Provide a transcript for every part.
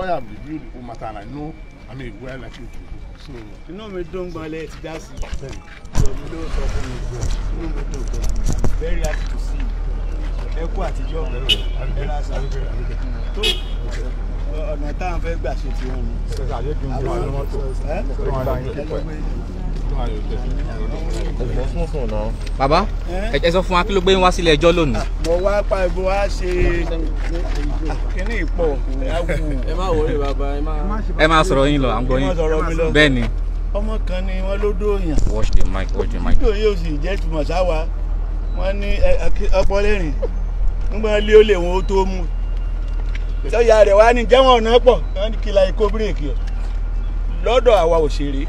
lawyer am review the whole matter and I know I mean where well, likely to go. So inú mi dùn gan lẹ ti dá sí. Èmi ló sọ fún mi gan. Inú mi dùn gan. I'm very happy to see you. Ẹ àtijọ́ ẹ rà Tó ọ̀nà táwọn fẹ́ gbà ṣe ti wọn. Àwọn ọ̀nà táwọn fẹ́ gbà ṣe ti wọn. Baba, ẹ sọ fún wa kí ló gbé wá sílé ẹjọ́ lónìí. Ah, mo wá pa ibo wá ṣe kíní ìpọ̀ ẹ má wọlé bàbá ẹ má. ẹ má sọ̀rọ̀ yín lọ à ń gbọ́ yín bẹ́ẹ̀ ni. ọmọ kan ni wọn ló dóòyàn. watch the mic watch the mic. fídíò yóò sì jẹ́ ìtumọ̀ sáwa wọ́n ní ọpọ lẹ́rìn nígbà lé ó lè wọn ó tó mú ìtọ́jà rẹ̀ wá ní jẹ́wọ̀n ọ̀nà pọ̀ wọ́n ní kí la ikó bírèkì lọ́dọ̀ àwa òṣèré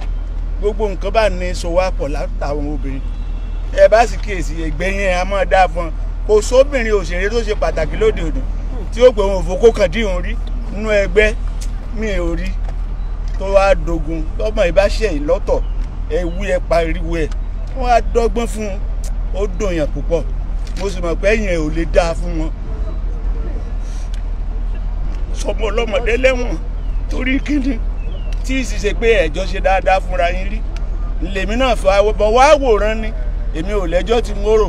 gbogbo nǹkan bá ní sowapọ̀ látàwọn obìnrin ẹ bá sì kíyèsí ìgbẹ́yìn ẹ̀ a máa dáa fún ọ kò sóbìnrin òṣèré tó ṣe pàtàkì lóde òdò tí ó gbé òun òfòkó kan díhùn rí nínú ẹgbẹ́ mi ò rí tó wá dogun lọ́mọ ìbáṣẹ̀ ìlọ́tọ̀ ẹ̀wú ẹ̀ pariwo ẹ̀ wọ́n á dọ́gbọ́n fún un ó dùn yàn púpọ̀ mo sì mọ̀ pé ẹ̀yìn ẹ̀ ò lè dáa fún wọn sọmọ ọlọ́mọdé lẹ́wọ̀n torí kíni tí ì sì ṣe pé ẹ̀jọ́ ṣe dáadáa fúnra yín rí lèmi náà fọ àwọn wá wòran ni èmi ò lẹ́jọ́ ti mòrò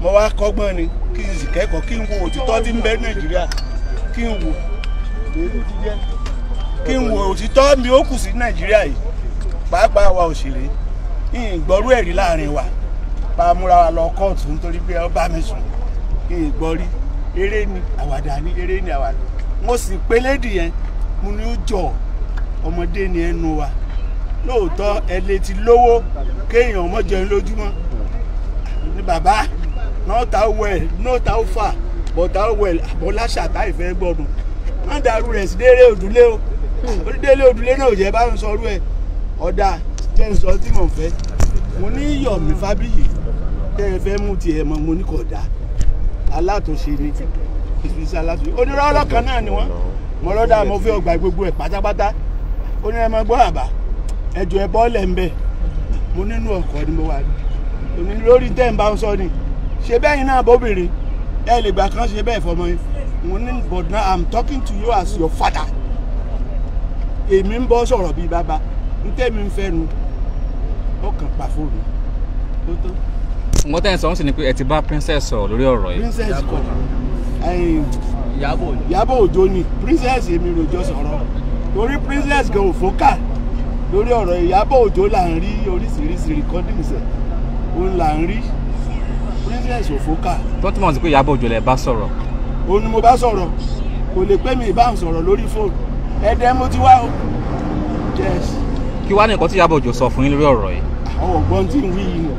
mo wá kọ́gbọ́n ni kí n sì kẹ́kọ̀ọ́ kí n wo òtítọ́ tí ń bẹ nàìjíríà kí n wo kí n wo òtítọ́ mi ó kù sí nàìjíríà yìí pàápàá wa òṣèré ìgbọ́rú ẹ̀rí láàrin wa pa múra wa lọ kóòtù nítorí pé ó bá mi sùn ìgbọ́rí eré ni àwàdà ni eré ni àwàdà mo sì pé yẹn mo ní ó jọ ọmọdé ni ẹnu wa lóòótọ́ ẹ lè ti lówó kéèyàn ọmọ jẹun lójúmọ́ ni bàbá not how well not how far but how well àbọ̀láṣà tá ìfẹ́ gbọ́dọ̀ má dàrú rẹ̀ sí délé òdúlé o délé òdúlé náà ò jẹ́ bá ń sọrú ẹ̀ ọ̀dà jẹ́ ń sọ tí mò ń fẹ́ mo ní yọ̀mí fábíyì tẹ́ ẹ fẹ́ mú tiẹ̀ mọ́ mo ní kò dáa alátúnṣe ni ìfisí alátúnṣe onírọ́rọ́ kan náà ni wọ́n mọ̀rọ́dà mo fi ọgbà gbogbo ẹ̀ pátápátá ó ní ẹ máa gbọ́ àbá ẹjọ́ ẹ bọ́ọ̀lẹ̀ ń bẹ̀ mo nínú ọkọ̀ ni mo wà ní lórí tẹ́ ń bá ń sọ ni ṣe bẹ́yìn náà bóbìnrin ẹ lè gbà kán ṣe bẹ́ẹ̀ fọmọ yín mo ní but now i'm talking to you as your father èmi ń bọ́ sọ̀rọ̀ bíi bàbá ń tẹ́mi ń fẹ́ nu ó pa fóònù tó tó. mo tẹ́ ẹ sọ ń sìn ni pé ẹ ti bá princess sọ̀rọ̀ lórí ọ̀rọ̀ yìí. princess kọ Ìyábọ̀ Òjó ni princess èmi rojọ́ sọ̀rọ̀ torí princess gan ò fọ́kà lórí ọ̀rọ̀ Ìyábọ̀ Òjó là ń rí oríṣiríṣi rìkọ́dìmùsẹ̀ òun là ń rí princess ò fọ́kà. tó túmọ̀ sí pé Ìyábọ̀ Òjó lẹ bá sọ̀rọ̀. òun ni mo bá sọ̀rọ̀ kò lè pè mí ìbá ń sọ̀rọ̀ lórí fóònù ẹ̀dẹ̀ mo ti wá o. kí wàá ní nǹkan tí Ìyábọ̀ Òjó sọ fún yín lórí ọ̀rọ̀ yìí. àwọn ọ̀gbọ́n tí ń wí yìí nù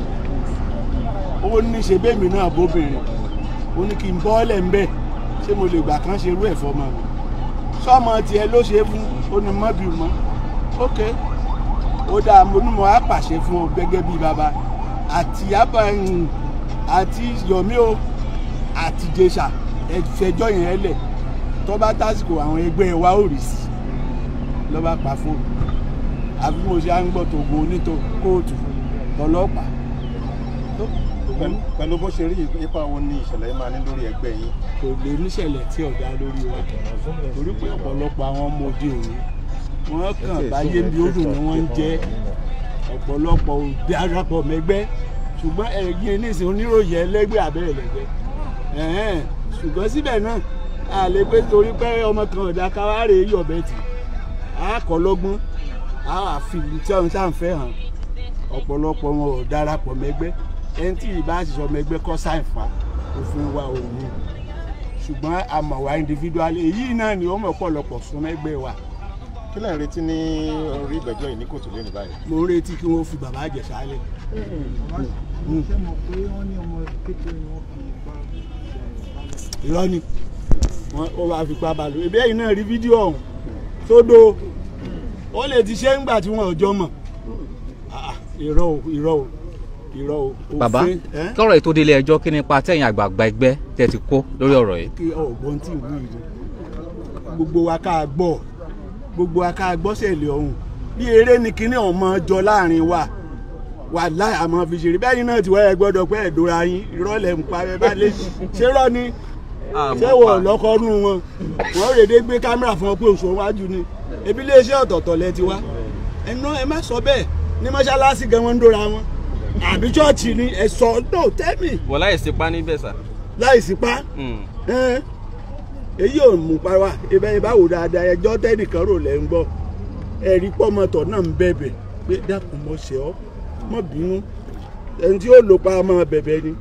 ó ní ṣe bẹ́ẹ̀mí náà bóbìnrin ó ní kí n bọ́ ọ́lẹ̀ ń bẹ̀ ṣé mo lè gbà kán ṣerú ẹ̀fọ́ ọmọ mi sọ́mọ tiẹ̀ ló ṣe fún ó ní mọ́ bí ok ó dáa mo ní mo á pàṣẹ fún ọ gẹ́gẹ́ bí baba àti yaba àti yomi o àti jésà ẹ̀fẹ̀jọ́ yẹn ẹ lẹ̀ tọ́ba tásìkò àwọn ẹgbẹ́ wa ò rì sí lọ́ba pa fóònù àbí mo ṣe à ń gbọ́ tògùn onítọ̀ kóòtù ọlọ́pàá pẹ̀lú bó ṣe rí ipa wo ni ìṣẹ̀lẹ̀ yìí máa ní lórí ẹgbẹ́ yín. kò lè níṣẹ̀lẹ̀ tí ọ̀dà lórí wa torí pé ọ̀pọ̀lọpọ̀ àwọn ọmọ òde òní wọ́n kàn báyé mi ó dùn ni wọ́n ń jẹ́ ọ̀pọ̀lọpọ̀ darapọ̀ mẹ́gbẹ́ ṣùgbọ́n ẹ̀yin nísìnyí oníròyìn ẹlẹ́gbẹ́ abẹ́rẹ́ lẹ́gbẹ́ ṣùgbọ́n síbẹ̀ náà a lè pé torí pé ọmọ kan ọ̀dà káwárè yọ̀bẹ tì á kọ́ lọ́gbọ́n á fi tí ọ̀hún tá à ń fẹ́ hàn ọ̀pọ̀lọpọ̀ wọn ò darapọ̀ mẹ́gbẹ́ ẹni tí ìbá ṣiṣẹ́ ọmọ ẹgbẹ́ kọ́ sáì fa òfin wa ò ní ṣùgbọ́n àmọ̀wá individual èyí náà ni ó mọ̀ pọ̀lọpọ̀ súnmọ́ ẹgbẹ́ wa. kí lẹ́yìn retí ní orí ìgbẹ́jọ́ yìí ní kòtò lónìí báyìí. mo ń retí kí wọ́n fi bàbá àjẹsà lẹ̀. ṣé mo pé wọ́n ní ọmọ kékeré wọn fi ipá irọ́ ni wọ́n wá fipá bá lò ebi náà rí fídíò ọ̀hún tó ó lè ti ṣe ń gbà tí wọn ò mọ̀ ah, ah, irọ́ o irọ́ o. bàbá kọ́rọ̀ ètò délé ẹjọ́ kí nípa tẹ̀yìn àgbààgbà ẹgbẹ́ tẹ̀ ti kó lórí ọ̀rọ̀ yìí. kí ọ̀gbọ́n tí ìlú yìí gbogbo wa ká gbọ́ gbogbo wa ká gbọ́ sẹ̀lẹ̀ ọ̀hún bí eré ni kíní ọmọ jọ láàrin wa wàláì àmọ́ fi ṣeré bẹ́ẹ̀ yín náà ti wáyé gbọ́dọ̀ pé ẹ̀dọ́ra yín ìrọ̀lẹ́ ń pa ẹ bá lé ṣé rọ́ ni ṣé wọ̀ lọ́kọ́nú wọn wọ́n rèé gbé kámẹ́rà fún ọ pé oṣù wájú ni ebi iléeṣẹ́ ọ̀tọ̀ọ̀tọ̀ lẹ ti wá ẹ má sọ bẹ́ẹ̀ ní mọ́ṣáláṣí gan wọ́n ń dóra wọn àbí chọ́ọ̀chì ni ẹ sọ no tell me. wọ láìsí pa níbẹ̀ sà. láìsí pa hmm. èyí ò mú pariwa ibẹ̀ ibà wò dáadáa ẹjọ́ tẹ́nìkan rò lẹ́ ń gbọ́ ẹ̀rí pọ́mọtọ̀ náà ń bẹ̀bẹ̀ pé dákun mọ̀ ṣe ọ́ mọ̀ bínú ẹni tí ó lò pa máa bẹ̀bẹ̀ ni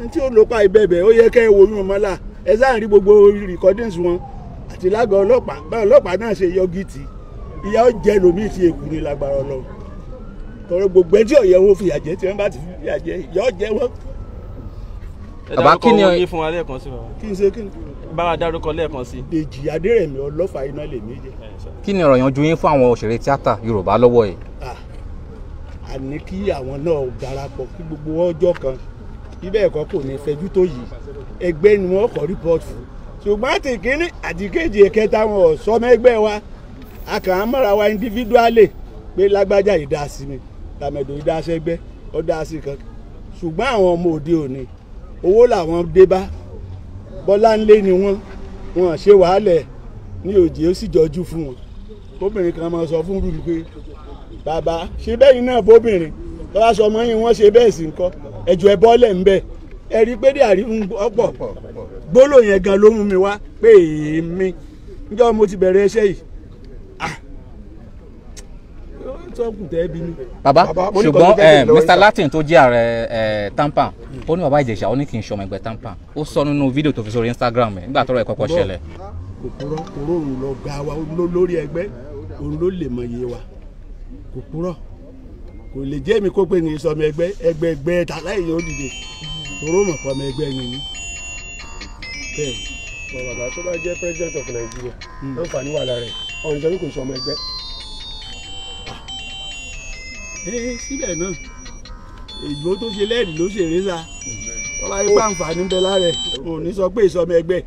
ẹni tí ó lò pa ìbẹ̀bẹ̀ ó yẹ kẹ́ ẹ wo yún ọmọ là ẹ sáà rí gbogbo recordings wọn àti lágọ̀ọ́ ọlọ́pàá báwọn ọlọ́pàá náà ṣe yọ gìtì ìyá ó jẹ́ lómi ti èkú ni lágbára ọlọ́run tọrọ gbogbo ẹ tí ọyẹ wọn fìyà jẹ tí wọn bá ti fìyà jẹ yọ jẹ wọn. bàbá kí ni ọyẹ fún wa lẹ́ẹ̀kan sí bàbá. kí n ṣe kí n. báwa dárúkọ lẹ́ẹ̀kan sí. dèjì adérẹ̀mí ọlọ́fà iná lè mí jẹ. kí ni ọ̀rọ̀ yanjú yín fún àwọn òṣèré tíátà yorùbá lọ́wọ́ yìí. àní kí àwọn náà darapọ̀ kí gbogbo ọjọ́ kan ibẹ̀ ẹ̀kọ́ kò ní fẹjú tó yìí ẹgbẹ́ ni wọ́n kọ́ rìpọ́ọ̀tù ṣùgbọ́n àti ìkíní a kàn án mọ́ra wa individually pé lágbájá ìdásí mi làmẹ̀dò yìí dá sẹ́gbẹ́ ó dá sí kan ṣùgbọ́n àwọn ọmọ òde òní owó làwọn dé bá bọ́lá ńlé ni wọ́n wọn ṣe wàhálẹ̀ ní òjì ó sì jọjú fún wọn obìnrin kan máa sọ fún rúbi pé bàbá ṣe bẹ́yìn náà bóbìnrin tọ́lá sọ ọmọ yín wọ́n ṣe bẹ́ẹ̀ sì ń kọ́ ẹ̀jọ̀ ẹ bọ́lẹ̀ ń bẹ̀ ẹ rí i pé dé àrí ń ọ̀pọ̀ gbólóyìn yẹn ló mú mi wá pé èèmí níjọ́ mo ti bẹ̀rẹ̀ iṣẹ́ yìí sọ́ọ̀kù tẹ́ bí ni. bàbá ṣùgbọ́n eh, Mr Latin tó jẹ́ ààrẹ eh, tampan ó ní bàbá Ìjẹ̀ṣà ó ní kì í ṣọmọ ẹgbẹ́ tampan ó sọ nínú fídíò tó fi sórí Instagram ẹ̀ nígbà tọ́rọ̀ ẹ̀ kọ́kọ́ ṣẹlẹ̀. kòkòrò kòró òun lọ gba wa lórí ẹgbẹ́ òun ló lè mọ iye wa kòkòrò kò lè jẹ́ èmi kó pé ní sọmọ ẹgbẹ́ ẹgbẹ́ ẹgbẹ́ ta láì yóò dìde kòró mọ̀ fọmọ ẹgbẹ́ yẹn ni. bàbá tó bá jẹ́ president of Nigeria hmm. ló fà ní wàhálà rẹ̀ ọ̀nìjọ́ kò sọmọ ẹgbẹ́ ee síbẹ̀ náà ìgbó tó ṣe lẹ́ẹ̀dì ló ṣe rẹ́sà wọ́n bá yí pàǹfààní bẹ lára ẹ̀ ò ní sọ pé ìsọmọ ẹgbẹ́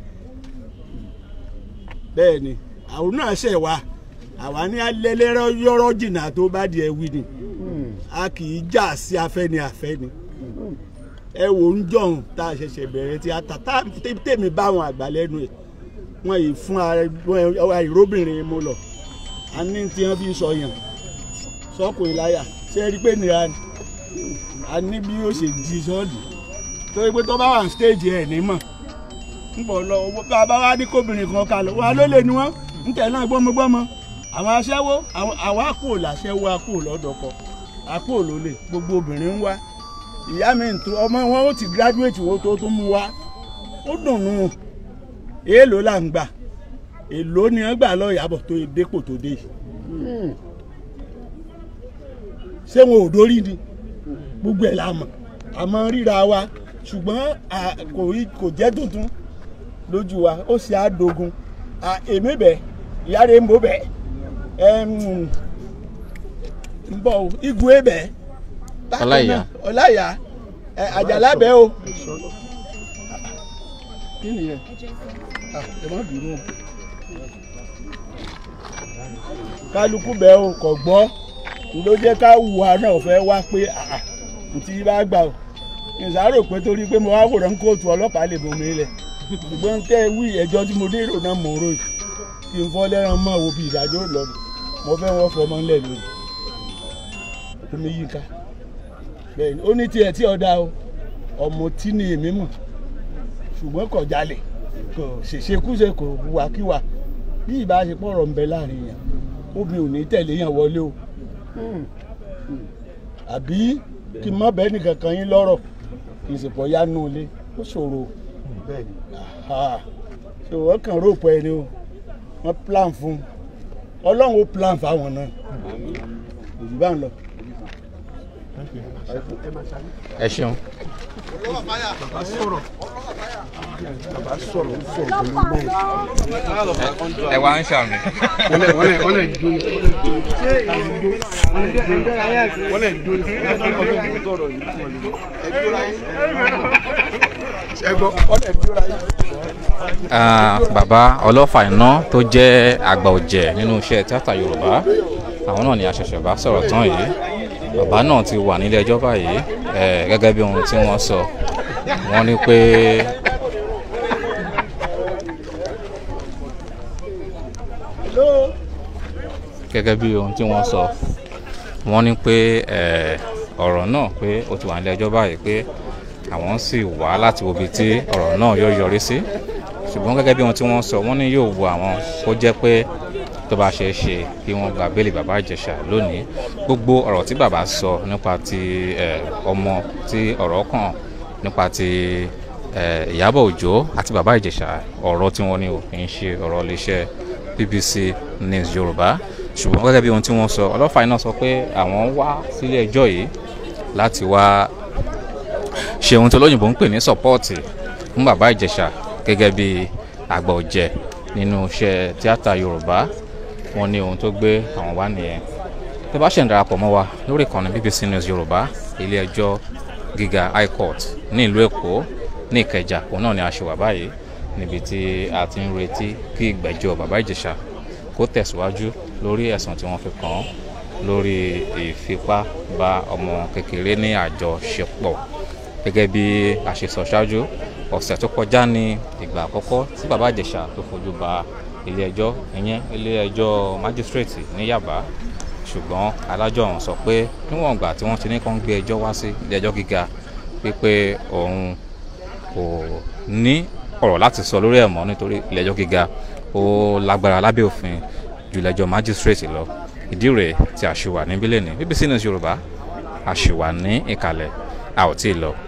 bẹ́ẹ̀ ni àwọn náà ṣẹ̀ wá àwa ní alẹ́lẹ́rọ́ yọ́rọ́ jìnnà tó bá di ẹ̀wì ni a kì í jà sí afẹ́ni afẹ́ni ẹ wò ń jọ̀hún tá a ṣẹ̀ṣẹ̀ bẹ̀rẹ̀ tí a tà tá tèmi bá àwọn àgbà lẹ́nu ẹ̀ wọ́n yìí fún àìróbìnrin mu lọ a ní tí wọ́n fi sọ yàn sọkùnrin láyà ṣe é rí pé nira ni a ní bí yóò ṣe di sọ́ọ̀dù torí pé tó bá wà ní stéèjì ẹ̀ ní mọ̀ ń bọ̀ lọ owó bá a bá wá ní kóbìnrin kan kalẹ̀ wà ló lè ní wọ́n ń tẹ̀ náà gbọ́mọgbọ́mọ àwọn aṣẹ́wó àwọn àkó làṣẹ́wó àkó lọ́dọ̀kọ àkó lólè gbogbo obìnrin ń wá ìyá mi ń tó ọmọ wọn ó ti gíráduwéètì wo tó tún mú wá ó dùn nù èèlò là ń gbà èèlò ni wọ́n gbà lọ Ìyábọ̀ tó dépò tó dé yìí. Hmm ṣé wọn ò dórí ni gbogbo ẹ̀ la mọ̀ àmọ́ ríra wa ṣùgbọ́n kò jẹ́ tuntun lójú wa ó sì á èmi bẹ̀ ìyá ń bọ̀ bẹ̀ ń bọ̀ o igun ẹ̀ bẹ̀ ọláyà ọláyà àjàlá bẹ̀ o. kí ni yẹn ẹ má bínú o kálukú o kò gbọ́ ló jẹ́ ká wù wá náà fẹ́ wá pé ntí bá gbà o ìsàrò pé torí pé mo wá wòran kóòtù ọlọ́pàá lè bomi lẹ̀ ṣùgbọ́n tẹ́ wí ẹjọ́ tí mo dérò náà mò ń ròyìn kí n fọ́ lẹ́ran mọ́ wo bí ìdájọ́ lọ mo fẹ́ wọ́n fọmọ ńlẹ̀ lónìí omi yìí ká bẹ́ẹ̀ ni ó ní tiẹ̀ tí ọ̀dà o ọmọ tí ni èmi mọ̀ ṣùgbọ́n kò jalè kò ṣèṣekúṣe kò wùwàkiwà bí ìbáṣepọ̀ ọ̀rọ̀ ń bẹ láàrin yẹn obìnrin ò ní tẹ̀lé yẹn wọlé o àbí kí n má bẹ́ẹ̀ nìkan kan yín lọ́rọ̀ kì í sì pọ̀ yánú ilé ó ṣòro ṣòro wọ́n kàn róòpù ẹni o wọ́n plan fún un ọlọ́run ó plan fáwọn náà òjì bá ń lọ. ẹ ṣeun. olówó àbáyà bàbá sọ̀rọ̀ ẹ wá ń ṣàmì. wọ́n ah, lè dún wọ́n lè dún bàbá ọlọ́fà iná tó jẹ́ àgbà ọ̀jẹ̀ nínú iṣẹ́ tíátà yorùbá àwọn náà ni àṣẹ̀ṣẹ̀ bá sọ̀rọ̀ tán yìí bàbá náà ti wà nílé ẹjọ́ báyìí eh, gẹ́gẹ́ bí ohun tí wọ́n sọ wọ́n ní pé gẹ́gẹ́ bí ohun tí wọ́n sọ wọ́n ní pé ọ̀rọ̀ náà pé ó ti wà nílé ẹjọ́ báyìí pé àwọn sì wá láti wo ibi tí ọ̀rọ̀ náà yóò yọrí sí ṣùgbọ́n gẹ́gẹ́ bí ohun tí wọ́n sọ wọ́n ní yóò wo àwọn kó jẹ́ pé tó bá ṣeé ṣe kí wọ́n gba bẹ́ẹ̀lì bàbá Ìjẹ̀ṣà lónìí gbogbo ọ̀rọ̀ tí bàbá sọ nípa ti ọmọ tí ọ̀rọ̀ kàn nípa ti Ìyábọ̀ Òjó àti bàbá Ìjẹ̀ṣà ọ̀rọ̀ tí wọ́n ní ò ṣe ọ̀rọ̀ iléeṣẹ́ BBC News Yorùbá ṣùgbọ́n gẹ́gẹ́ bí ohun tí wọ́n sọ ọlọ́fà iná sọ pé àwọn wá sílé ẹjọ́ yìí láti wá ṣe ohun tí olóyìnbó ń pè ní sọ́pọ́ọ̀tì fún bàbá ìjẹ̀ṣà gẹ́gẹ́ bí àgbà ọ̀jẹ̀ nínú iṣẹ́ tíátà yorùbá wọn ní ohun tó gbé àwọn wá nìyẹn tó bá ṣe ń darapọ̀ mọ́ wa lórí ìkànnì bbc news yorùbá ilé ẹjọ́ gíga high court ní ìlú èkó ní ìkẹjà òun náà ni a ṣe wà báyìí níbi tí a ti ń retí kí ìgbẹ́jọ́ bàbá ìjẹ̀ṣà kó tẹ̀síwájú lórí ẹ̀sùn tí wọ́n fi kàn án lórí ìfipá bá ọmọ kékeré ní àjọṣepọ̀ gẹ́gẹ́ bí a ṣe sọ ṣáájú ọ̀sẹ̀ tó kọjá ní ìgbà àkọ́kọ́ tí bàbá Ìjẹ̀ṣà tó fojú ba ilé-ẹjọ́ ìyẹn ilé-ẹjọ́ májísírèètì ní Yàbá ṣùgbọ́n adájọ́ ọ̀hún sọ pé níwọ̀n ìgbà tí wọ́n ti ní kán gbé ẹjọ́ wá sí ilé-ẹjọ́ gíga wípé òun kò ní ọ̀rọ̀ láti sọ lórí ẹ̀ mọ́ nítorí ilé-ẹjọ́ gíga ó lágbára lábẹ́ òfin ju ilé-ẹjọ́ májísírèètì lọ ìdí rèé tí a ṣì wà níbí lẹ́ni BBC News Yorùbá a ní ìkàlẹ̀ a lọ.